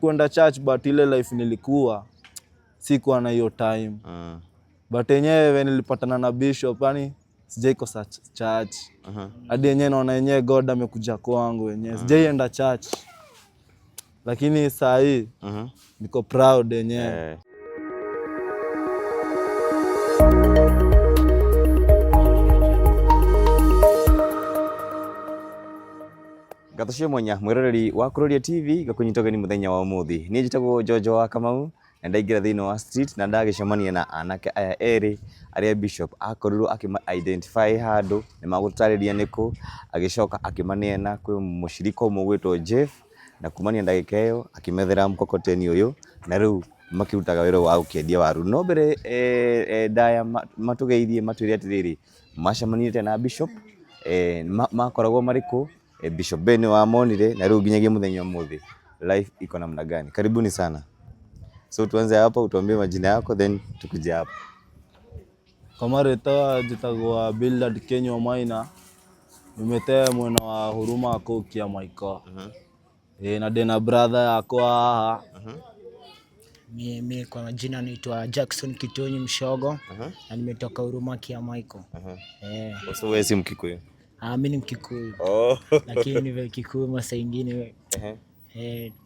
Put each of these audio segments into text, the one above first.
kwenda church but ile life nilikuwa sikuwa na hiyo time uh. But yenyewe nilipatana na bishop, yani sijaikosa church uh -huh. Hadi yenyewe naona yenyewe God amekuja kwangu wenyewe uh -huh. Sijaienda church lakini saa hii uh -huh. Niko proud yenyewe yeah. gatå mwenya mwä wa kuroria tv gakå nyitwo ni må wa må thä nä jojo wa kamau na ndaingä ra thä wa street na ndagä cemania na anake aya eri aria bishop akorirwo akä identify handå nä magå tarä ria nä kå agä coka akä maneana kwä må cirika å mwe jeff na kumania ndagä ka ä yo akä methera mkokoteni å yå na rä u makirutaga wä wa gå kiendia waru no mbere e, e, ndaya matå geithie matwä re atä rä rä macemanire na bishop e, makoragwo marä kå e, Bishop Ben wa Amonire na leo ginyagi mudhenyo muthi life iko namna gani? Karibuni sana. So tuanze hapa, utuambie majina yako then tukuje hapa. Kama reta jitagwa Bildad Kenya Maina nimetea mwana wa huruma ako kia maiko uh mhm. eh, -huh. E, na dena brother yako haha uh mhm. -huh. Mimi kwa majina naitwa Jackson Kitonyi Mshogo uh mhm. -huh. na nimetoka huruma kia maiko uh eh. -huh. E. Wewe si Mkikuyu? Ah, mimi ni Mkikuyu oh. Lakini Kikuyu masaa ingine uh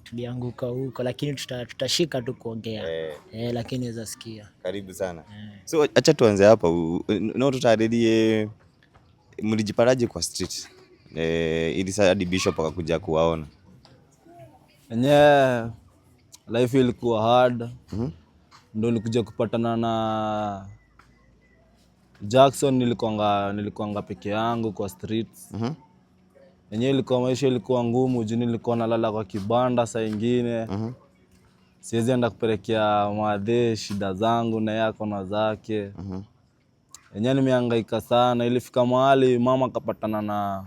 tulianguka huko lakini tutashika tu kuongea eh. eh lakini weza sikia. Karibu sana eh. So acha tuanze hapa no, tutaadilie mlijiparaje kwa street e, ili hadi bishop akakuja kuwaona enyewe. Life ilikuwa hard mm -hmm. nilikuja kupatana na Jackson nilikuanga nilikuanga peke yangu kwa streets. Mhm. Mm yenyewe ilikuwa maisha ilikuwa ngumu juu nilikuwa nalala kwa kibanda saa ingine. Mhm. Mm siwezi enda kupelekea mwadhe shida zangu na yako na zake. Mhm. Mm yenyewe nimehangaika sana, ilifika mahali mama akapatana na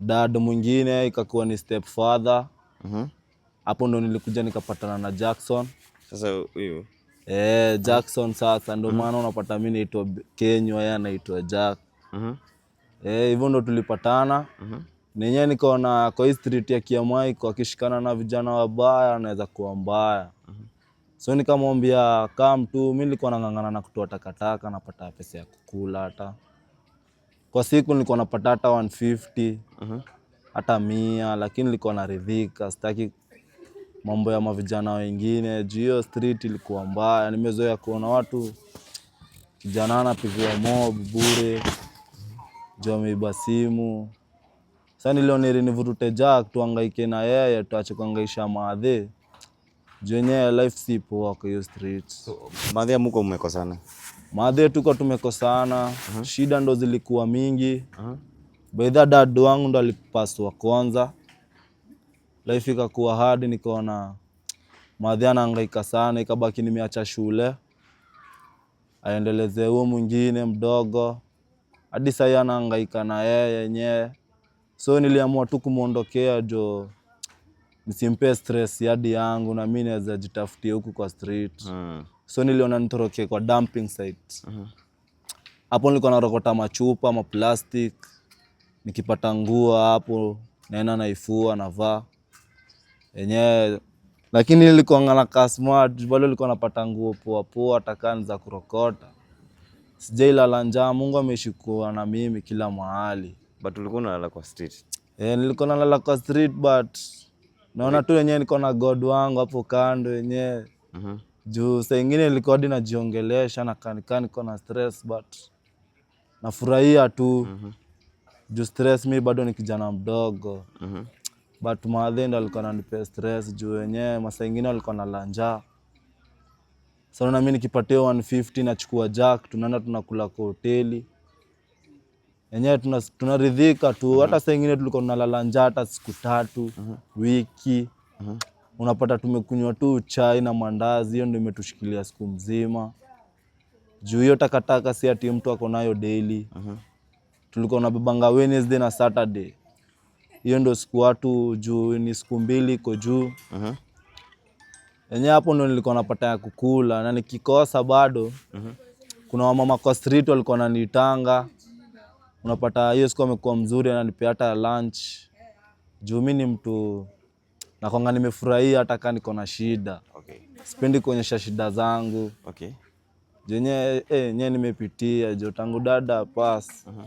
dad mwingine ikakuwa ni stepfather. Mhm. Mm hapo ndo nilikuja nikapatana na Jackson. Sasa huyu E, Jackson sasa ndio mm. maana mm -hmm. unapata mimi naitwa Kenywa, yeye anaitwa Jack mm -hmm. e, hivyo ndo tulipatana mm -hmm. nenyewe nikaona kwa hii street ya Kiamwai kwa kishikana na vijana wabaya anaweza kuwa mbaya mm -hmm. so nikamwambia kama tu, mimi nilikuwa nang'ang'ana na kutoa takataka napata pesa ya kukula, hata kwa siku nilikuwa napata hata 150 mm-hmm. hata mm -hmm. mia, lakini nilikuwa naridhika, sitaki mambo ya mavijana wengine juu hiyo street ilikuwa mbaya. Nimezoea kuona watu kijana anapigwa mob bure juu ameiba simu. Sasa nilioneri nivurute Jack tuangaike na yeye, tuache kuangaisha madhe jenye life si poa kwa hiyo street. Madhe muko mmekosana? Madhe tuko tumekosana. uh -huh. Shida ndo zilikuwa mingi. uh -huh. Baidha dad wangu ndo alipaswa kwanza life ikakuwa hard, nikaona madhi anahangaika sana, ikabaki nimeacha shule aendeleze huo mwingine mdogo, hadi sahii anahangaika na yeye yenyewe. So niliamua tu kumwondokea jo nisimpe stress yadi yangu, na mimi naweza jitafutia huku kwa street mm. So niliona nitoroke kwa dumping site mm hapo Nilikuwa narokota machupa maplastic, nikipata nguo hapo naenda naifua navaa yenyewe lakini ilikuangana ka smart bado ilikuwa napata nguo poa poa, atakani za kurokota, sijailala njaa. Mungu ameshikua na mimi kila mahali, but ulikuwa unalala kwa street? Eh, nilikuwa nalala kwa street but naona tu enye niko na God wangu hapo kando yenyewe uh mm-hmm. -huh. Juu saa ingine nilikuwa hadi najiongelesha na kanika, niko na stress but nafurahia tu uh mm-hmm. -huh. Juu stress mi bado ni kijana mdogo uh mm-hmm. -huh but madhe ndo alikuwa ananipea stress juu wenyewe masaa ingine walikuwa na lanja sana, mimi nikipatia 150 nachukua jack, tunaenda tunakula kwa hoteli yenyewe tunaridhika tu. mm -hmm. Hata saa ingine tulikuwa tunalala njaa hata siku tatu mm -hmm. wiki. mm -hmm. Unapata tumekunywa tu chai na mandazi, hiyo ndio imetushikilia siku mzima. Juu hiyo takataka si ati mtu ako nayo daily. Tulikuwa tunabebanga Wednesday na Saturday hiyo ndo siku watu juu ni siku mbili iko juu yenye hapo ndo nilikuwa napata ya kukula na nikikosa bado Kuna wamama kwa street walikuwa wananiitanga, unapata hiyo siku amekuwa mzuri, ananipea hata lunch juu mi ni mtu nakwanga nimefurahia hata kaa niko na shida okay. Sipendi kuonyesha shida zangu okay. Jenye eh, nye nimepitia jo tangu dada pas uh -huh.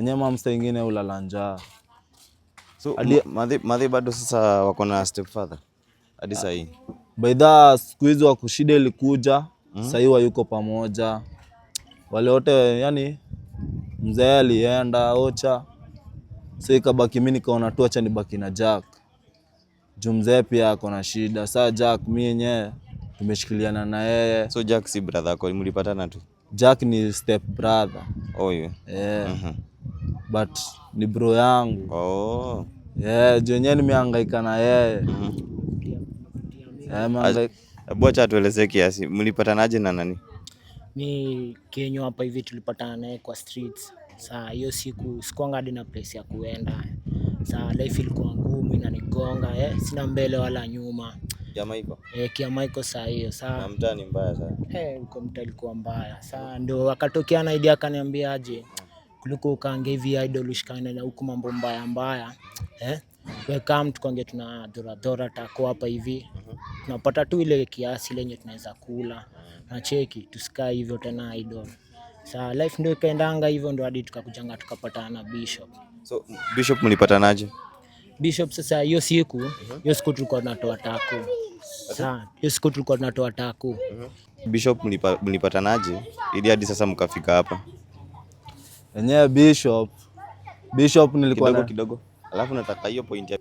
Enye mamsa ingine ulala njaa So, madhi, madhi bado sasa wako na stepfather hadi ah, saa hii. the siku hizi wako shida ilikuja mm -hmm. hii wayuko pamoja wale wote, yani mzee alienda Ocha, so ikabaki mimi nikaona tu acha nibaki na Jack juu mzee pia ako na shida. Saa Jack mimi yenyewe tumeshikiliana na yeye. So Jack si brother yako, mlipatana tu? Jack ni step brother. Oh yeah. Yeah. Mm -hmm but ni bro yangu oh. Yeah, jenye nimehangaika na yeye mm -hmm. Bocha tueleze kiasi, mlipatanaje na nani? Ni Kenya hapa hivi, tulipatana naye kwa streets. Saa hiyo siku sikuanga hadi na place ya kuenda, saa life ilikuwa ngumu, inanigonga eh, sina mbele wala nyuma Eh, kiama iko saa hiyo saa mtaa ni mbaya sana. Eh, uko mtaa ilikuwa mbaya saa, ndio akatokea na idea akaniambia aje kuliko ukaange hivi idol ushikane na huku mambo mbaya mbaya eh? Welcome tukange tuna dora dora tako hapa hivi mhm. tunapata tu ile kiasi lenye tunaweza kula na cheki, tusikae hivyo tena idol. Sa life ndio ikaendanga hivyo, ndo hadi tukakujanga tukapatana na Bishop. So Bishop mlipatanaje? Bishop sasa, hiyo siku mhm. hiyo siku tulikuwa tunatoa tako. Sa hiyo siku tulikuwa tunatoa tako. Mhm. Bishop mlipatanaje ili hadi sasa mkafika hapa? Yenyewe Bishop. Bishop nilikuwa kidogo kidogo. Alafu nataka hiyo point ya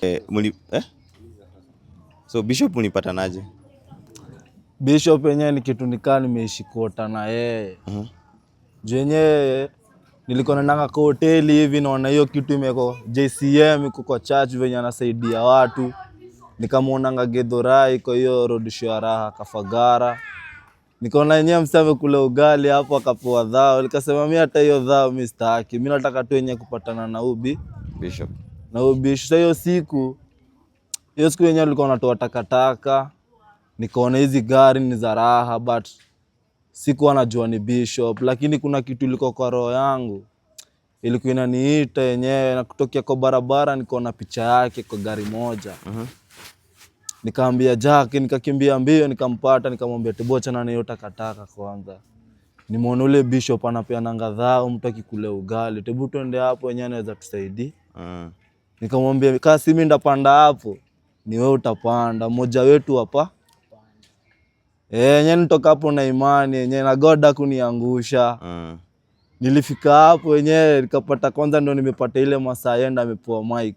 eh, muli eh? So Bishop naje? Bishop yenyewe ni kitu nikaa nimeishi kuota na yeye. Mhm. Mm. yenyewe nilikuwa nanga kwa hoteli hivi, naona hiyo kitu imeko JCM iko kwa church venye anasaidia watu, nikamwonanga Gedhorai kwa hiyo road show ya raha Kafagara nikaona yenyewe msame kule ugali hapo, akapewa dhao, nikasema mi hata hiyo dhao mi sitaki, mi nataka tu yenyewe kupatana na ubi Bishop na ubisha hiyo siku hiyo siku yenyewe alikuwa anatoa takataka, nikaona hizi gari ni za raha, but sikuwa najua ni Bishop, lakini kuna kitu ilikuwa kwa roho yangu ilikuwa inaniita yenyewe, na kutokea kwa barabara nikaona picha yake kwa gari moja. uh -huh. Nikaambia Jack, nikakimbia mbio, nikampata, nikamwambia tibocha na niyo takataka kwanza. Nimeona ule bishop anapea anapeana ngadhao, mtu akikula ugali, tebu twende hapo wenyewe anaweza tusaidia. Ah. Mm. Nikamwambia kama si mimi ndapanda hapo, ni wewe utapanda, mmoja wetu hapa. Eh, yenyewe nitoka hapo na imani yenyewe na God kuniangusha. Mm. Ah. Nilifika hapo wenyewe nikapata kwanza, ndo nimepata ile masaa yenda amepoa mic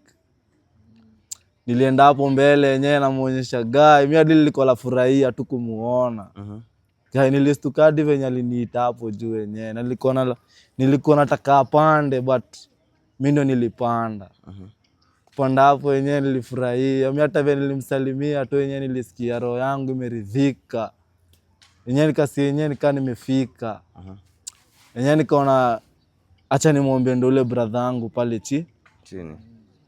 nilienda hapo mbele yenyewe namwonyesha Gai, mi adili liko la furahia tu kumuona uh uh-huh. -huh. nilistukadi venye aliniita hapo juu yenyewe, na nilikuwa nataka apande but mi ndo nilipanda uh -huh. Kupanda hapo wenyewe nilifurahia mi, hata vile nilimsalimia tu wenyewe nilisikia roho yangu imeridhika yenyewe, nikasi yenyewe nikaa nimefika uh -huh. nikaona hacha nimwombe ndo ule bradha yangu pale chi chini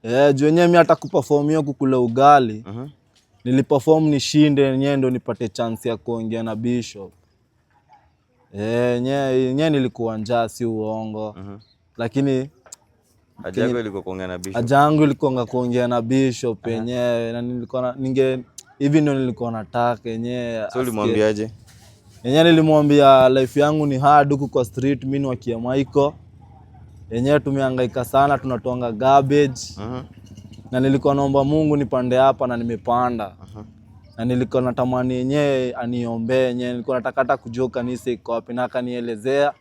Eh, juu yenyewe mimi hata kuperform hiyo kukula ugali uh -huh. Niliperform nishinde yenyewe ndo nipate chance ya kuongea na Bishop Eh, yenyewe eh, nilikuwa njaa, si uongo uh -huh. Lakini ajangu ilikuwa kuongea na Bishop. Ajangu ilikuwa kuongea na Bishop yenyewe uh -huh. Na nilikuwa na, ninge hivi ndo nilikuwa nataka yenyewe. So ulimwambiaje? Yenyewe nilimwambia life yangu ni hard huku kwa street, mimi ni wa Kiamaiko Uh yenyewe tumehangaika sana, tunatoanga garbage uh -huh. na nilikuwa naomba Mungu nipande hapa na nimepanda uh -huh. na nilikuwa natamani yenyewe aniombee yenyewe, nilikuwa nataka hata kujua kanisa iko wapi, na akanielezea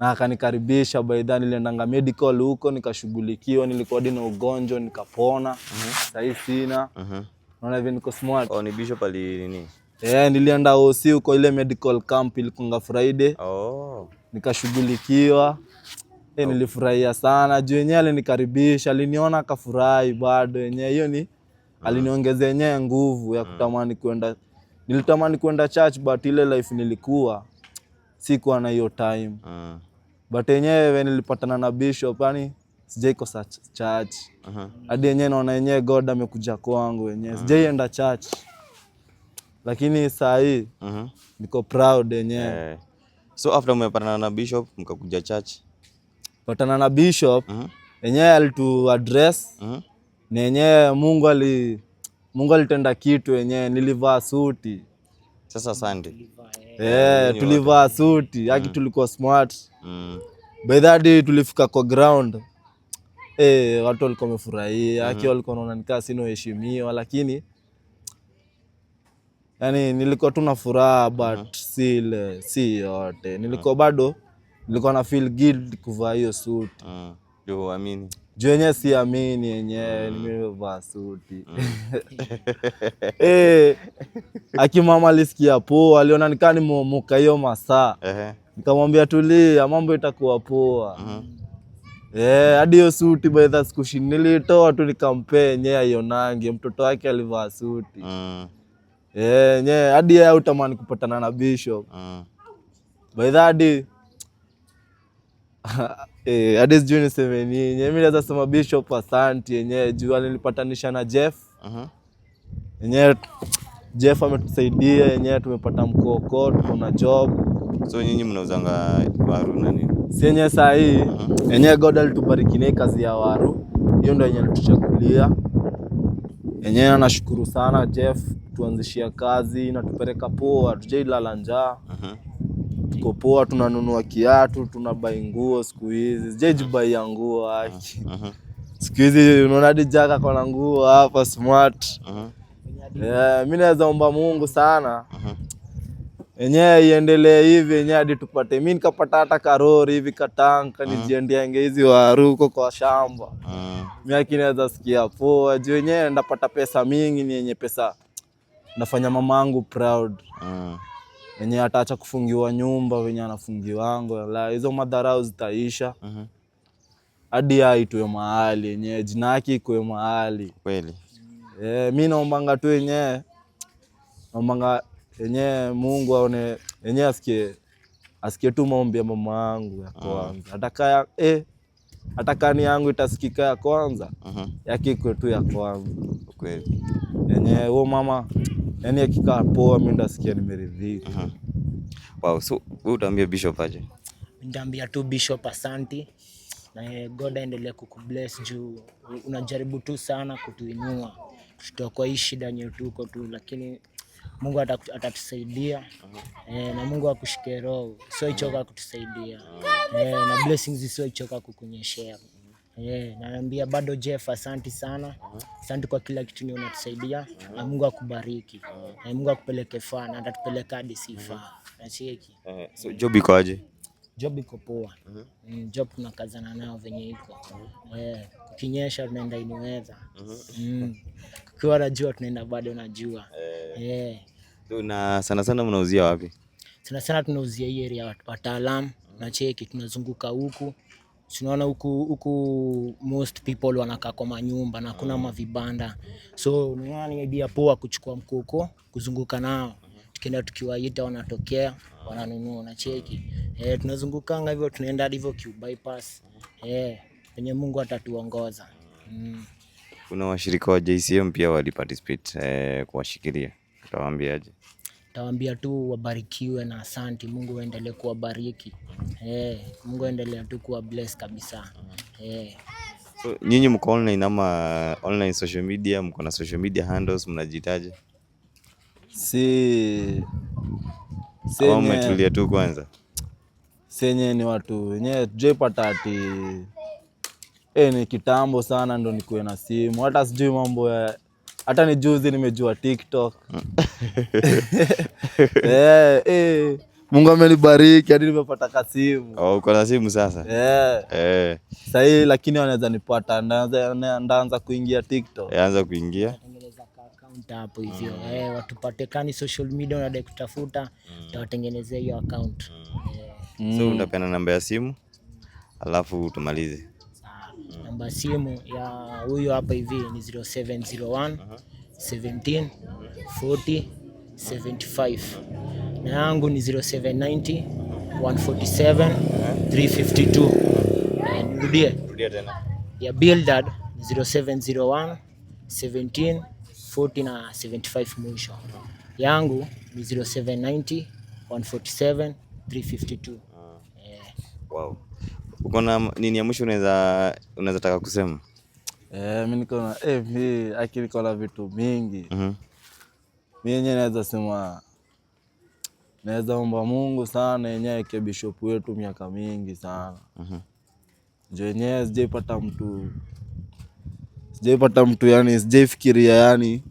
na akanikaribisha. Baada niliendanga medical huko nikashughulikiwa, nilikuwa na ugonjwa nikapona. uh -huh. Sahii sina. uh -huh. naona hivi niko smart. Oh, ni Bishop ali nini? Yeah, nilienda OC huko ile medical camp ilikuwa Friday. Oh. Nikashughulikiwa E, nilifurahia sana juu yenyewe alinikaribisha, aliniona akafurahi bado, yenyewe hiyo ni ah. aliniongeza yenyewe nguvu ya ah. kutamani kwenda. Nilitamani kwenda church but ile life nilikuwa sikuwa na hiyo time ah. but yenyewe nilipatana na bishop, yani sijaikosa church hadi yenyewe naona yenyewe God amekuja kwangu yenyewe, sijaienda church lakini saa hii uh -huh. niko proud yenyewe. Eh. So after umepatana na bishop mkakuja church patana na bishop uh-huh. yenyewe alitu address uh-huh. na yenyewe Mungu ali Mungu alitenda kitu yenyewe, nilivaa suti sasa sandi. Yeah, tulivaa suti yaki, mm. tulikuwa smart mm. by that day, tulifika kwa ground eh, watu walikuwa wamefurahia yaki, mm-hmm. walikuwa wanaona nikaa sina heshimiwa, lakini yani nilikuwa tuna furaha but mm-hmm. si si yote, nilikuwa mm-hmm. bado nilikuwa na feel guilt kuvaa hiyo ah, mm. suti mm. uamini. juu yenyewe si amini yenyewe nimevaa suti Eh, akimama alisikia poa, aliona nikaa nimeomoka hiyo masaa Nikamwambia tulia, mambo itakuwa poa mhm. Eh, hadi hiyo suti baidha sikushi nilitoa tu nikampea yenyewe aionange mtoto wake alivaa suti mm. Eh, nye hadi yeye utamani kupatana na Bishop mm. By the way Eh, hadi sijui niseme nini. Mimi naweza sema Bishop asanti yenyewe juu alinipatanisha na Jeff. -huh. Yenyewe Jeff ametusaidia yenyewe tumepata mkoko, tuko na job. So nyinyi mnauzanga waru na nini? Si yenyewe saa hii yenyewe God alitubariki na kazi ya waru. Hiyo ndio yenyewe alituchagulia. Yenyewe nashukuru sana Jeff tuanzishia kazi na tupeleka poa, tujailala njaa tuko poa, tunanunua kiatu, tunabai nguo siku hizi, bai ya nguo aki siku hizi unaona hadi jaka kwa na nguo hapa smart. Yeah, eh, mi naweza omba Mungu sana yenyewe iendelee hivi enyewe hadi tupate, mi nikapata hata karori hivi katanka nijiendiange hizi waruko kwa shamba miaki, naweza sikia poa juu yenyewe ndapata pesa mingi, ni yenye pesa nafanya mamangu proud wenye ataacha kufungiwa nyumba wenye anafungiwango, la hizo madharau zitaisha mhm. hadi aitwe mahali enye jina yake ikwe mahali kweli. E, mi naombanga tu yenyewe, naombanga yenyewe Mungu aone yenyewe, asikie asikie tu maombi ya mama yangu ya ah. kwanza, hata eh, kani yangu itasikika ya kwanza, mhm. yake tu ya kwanza enye huo mama yani akikaa poa, mimi ndasikia nimeridhika. uh -huh. Wow, so wewe utaambia Bishop aje? Nitaambia tu Bishop asanti, na eh, God aendelee kukubless juu unajaribu tu sana kutuinua tutakuwa hii shida yenye tuko tu, lakini Mungu atatusaidia E, na Mungu akushike roho, sio ichoka kutusaidia E, na blessings sio ichoka kukunyeshea Yeah, naambia bado Jeff, asanti sana. Asanti kwa kila kitu ni unatusaidia na Mungu akubariki. Na Mungu akupeleke faa na atatupeleka hadi sifa. Nasieki. Eh, so job iko aje? Job iko poa. Mm, job tunakazana nao venye iko. Yeah, kukinyesha tunaenda iniweza. Mm, kukiwa na jua tunaenda bado na jua. Eh. So, Na sana sana mnauzia wapi? Sana sana tunauzia hii area wataalamu, nacheki tunazunguka huku Sinaona huku huku most people wanakaa kwa manyumba na kuna mavibanda, so unaona ni idea poa kuchukua mkoko kuzunguka nao, tukienda tukiwaita wanatokea wananunua na cheki eh, tunazungukanga hivyo, tunaenda hivyo ki bypass eh, penye Mungu atatuongoza mm. Kuna washirika wa JCM pia wali participate eh, kuwashikilia, utawaambiaje? tawambia tu wabarikiwe na asanti. Mungu aendelee kuwabariki. Eh, Mungu aendelea tu bless kabisa. Eh. So, nyinyi mko online ama online social media, mko na social media handles, mnajitaje? Si au tu kwanza? Senye ni watu wenyewe tujaipata ati e, eh, ni kitambo sana ndo nikuwe na simu, hata sijui mambo ya hata ni juzi nimejua TikTok. Eh, eh. Mungu amenibariki hadi nimepata kasimu. Oh, uko na simu sasa? Yeah. Eh. eh. Sasa hii lakini wanaweza nipata ndaanza kuingia TikTok. Eh, anza kuingia account hapo hivyo. Mm. Eh, watupatikani social media unadai kutafuta, mm. hiyo account. Mm. So mm. namba ya simu? Alafu tumalize namba simu ya huyo hapa hivi ni 0701 17 40 75 na yangu ni 0790 147 352. Nirudie ya Bildad 0701 17 40 na 75 mwisho. Yangu ni 0790 147 352. Wow. Uko na nini ya mwisho unaweza taka kusema? Eh, mimi niko na eh, akili kwa vitu mingi. Mhm. Mimi yenyewe naweza sema naweza omba Mungu sana yenyewe ke bishop wetu miaka mingi sana. Mhm. Ndio yenyewe sijaipata mtu sijaipata mtu yani sijaifikiria yani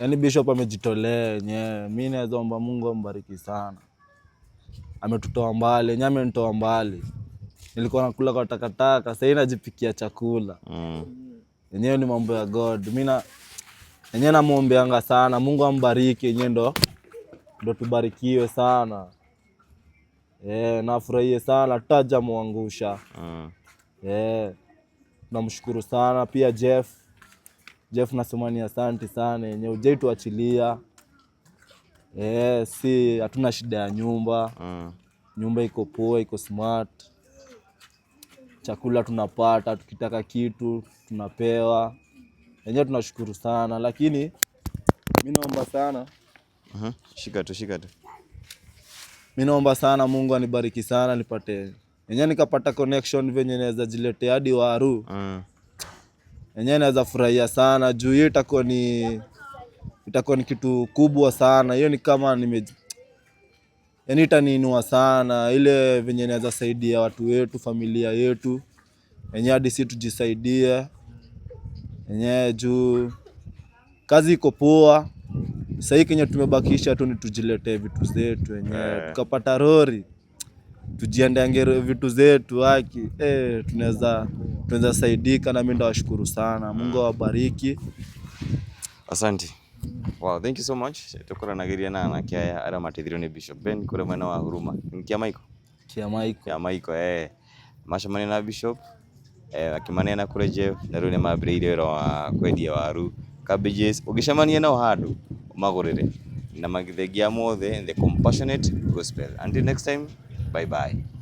yani bishop amejitolea yenyewe. Mimi naweza omba Mungu ambariki sana. Ametutoa mbali, yenyewe amenitoa mbali nilikuwa nakula kwa takataka, sahii najipikia chakula mm. Enyewe ni mambo ya God. Mi enyewe namwombeanga sana Mungu ambariki, enyewe ndo ndo tubarikiwe sana e, nafurahie sana taja Mm. E, namshukuru sana pia Jeff Jeff nasema ni asanti sana enye ujai tuachilia e, eh, si hatuna shida ya nyumba. Mm. Nyumba iko poa, iko smart chakula tunapata, tukitaka kitu tunapewa, wenyewe tunashukuru sana. Lakini mi naomba sana uh -huh. Shika tu shika tu, mi naomba sana Mungu anibariki sana, nipate enyewe nikapata connection venye naweza jiletea hadi waru uh ah. -huh. Yenyewe naweza furahia sana juu hiyo itakuwa ni itakuwa ni kitu kubwa sana, hiyo ni kama nime yani itaniinua sana, ile venye naweza saidia watu wetu, familia yetu enye hadi si tujisaidie enye juu kazi iko poa sahii, kenye tumebakisha tu ni tujiletee vitu zetu enye yeah. Tukapata rori tujiendenge vitu zetu aki e, eh, tunaweza tunaweza saidika. Nami ndawashukuru sana, Mungu awabariki, asante. Wow, thank you so much tukoranagiria na anake aya ara mateithirio ni Bishop Ben kure mwena wa Huruma Kia maiko. Kiamaiko Kiamaiko Kiamaiko eh macemania na Bishop eh na kure Jeff na riu ni mambiriire wira wa kwendia waru cabbages ugicemania nao handu magurire na magithegia mothe the compassionate gospel until next time bye bye